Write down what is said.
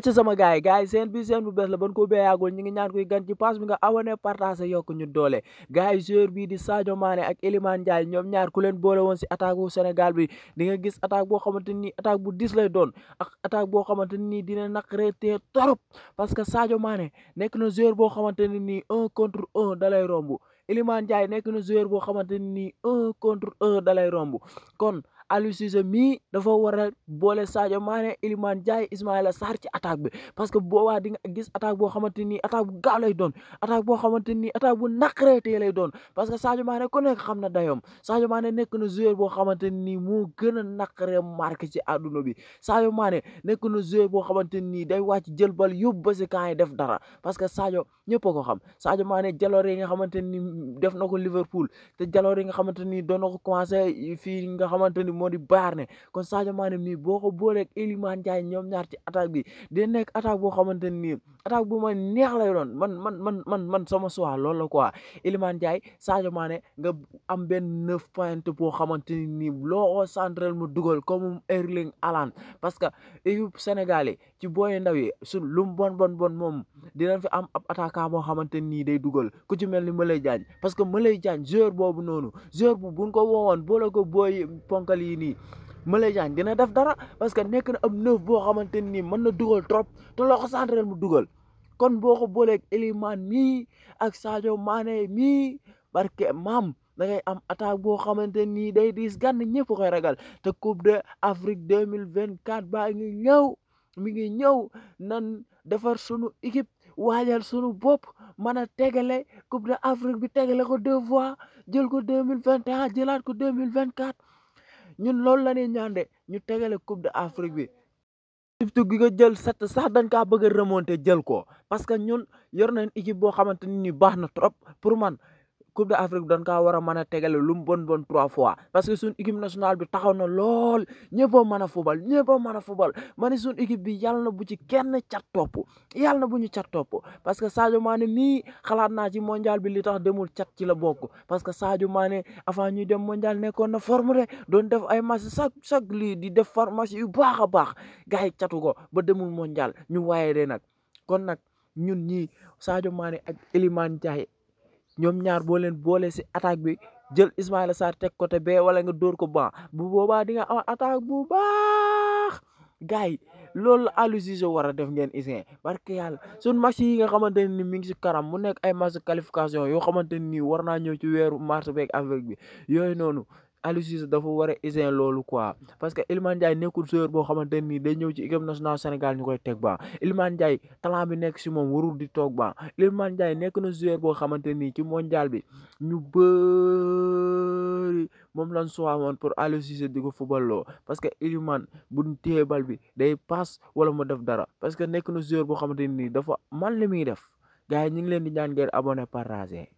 acca sama gars yi gars yi seen bi seen bu bees la ban ko béyaagul ñi ngi ñaan koy gan ci pass bi nga abonné partage yokk ñu doole gars yi joueur di Sadio Mané ak Iliman Ndiaye ñoom ñaar ku boole woon si attaque wu Sénégal bi di nga gis attaque boo xamante ni attaque bu dis doon ak attaque boo xamante ni dina naqaree te torop parce que Sadio Mané nekk na joueur boo xamante ne nii un contre un dalay romb Iliman Ndiaye nekk na joueur boo xamante ni un contre un da lay romb kon Aliou Cissé mii dafa war a boole Sadio Mané Iliman Ndiaye Ismaïla Sarr ci attaque bi parce que boobaa di nga gis attaque boo xamante ni attaque bu gaaw lay doon attaque boo xamante ni attaque bu naqareetee lay doon parce que Sadio Mané ku nekk xam na dayoom Sadio Mané nekk na joueur boo xamante ni moo gën a naqaree marqué ci àdduna bi Sadio Mané nekk na joueur boo xamante ni day wàcc jël bal yóbbu ba si camp yi def dara parce que Sadio ñëpp a yi nga xamante def na ko Liverpool te jaloor yi nga xamante ni doon na ko commencé fii nga xamante ni moo di Bayern kon Sadio maane mii boo ko booleeg Iliman Ndiaye ñoom ñaar ci attaque bi day nekk ataa boo xamante nii attaque bu ma neex lay man man man man man sama choix loolu la quoi Iliman Ndiaye Sadio nga am benn neuf point boo xamante ni loo central mu dugal comme Erling Haaland parce que équipe Sénégal ci booy ndaw yi su lu mu bon bon bon moom dinañ fi am ab attaquant boo xamante nii day dugal ku ci mel ni Malay Diagne parce que Malay Diagne joueur boobu noonu joueur bu buñ ko woowoon boole ko booy ponkal yi nii Malay Diagne dina def dara parce que nekk na ab neuf boo xamante ni mën na dugal trop te loo ko central mu dugal kon boo ko booleeg Elimane mii ak Sadio Mané mii barke maam da ngay am attaque boo xamante nii day diis gànn ñëpp koy ragal te coupe de Afrique deux mille vingt quatre baa ngi ñëw mi ngi ñëw nan defar sunu équipe waajal sunu bopp mën a tegale coupe de Afrique bi tegale ko deux fois jël ko deux mille vingt et un jëlaat ko deux mille vingt quatre ñun loolu la ñuy ñaan de ñu tegale coupe de Afrique bi. surtout gi nga jël set sax dañ kaa bëgg a remonter jël ko parce que ñun yor nañ équipe boo xamante ni baax na trop pour man. coupe d'Afrique bi dañ kaa war a mën a lu mu bon bon trois fois parce que suñ équipe nationale bi taxaw na lool ñëpp a mën a fubal ñëpp a mën a fubal ma ne suñ équipe bi yàlla na bu ci kenn cat topp yàlla na bu ñu cat topp parce que Sadio Mané mii xalaat naa ci mondial bi li tax demul cat ci la bokk parce que Sadio Mané avant ñuy dem mondial nekkoon na forme rek doon def ay match chaque chaque lii di def formation yu baax a baax gars yi catu ko ba demul mondial ñu waaye de nag kon nag ñun ñii Sadio Mané ak Iliman Ndiaye ñoom ñaar boo leen boole si attaque bi jël Ismaïla Sarr teg côté bee wala nga dóor ko ban bu boobaa di nga am attaque bu baax gars yi loolu Aliou war a def ngeen Issaoui parce que yàlla sunu match yi nga xamante ne mi ngi si kanam mu nekk ay match qualification yoo xamante ni war naa ñëw ci weeru mars beeg avril bi yooyu noonu Aliou Cissé dafa war a usin loolu quoi parce que Iliman Ndiaye nekkul joueur boo xamante nii day ñëw ci équipe nationale Sénégal ñu koy teg ba Iliman Ndiaye talent bi nekk si moom warul di toog ba Iliman Ndiaye nekk na joueur boo xamante nii ci mondial bi ñu bëri moom lañ soxawoon pour Aliou Cissé di ko football loo parce que Iliman buñ téye bal bi day pass wala mu def dara parce que nekk na joueur boo xamante nii dafa man li muy def gars yi ñu ngi leen di ñaan ngeen abonné partager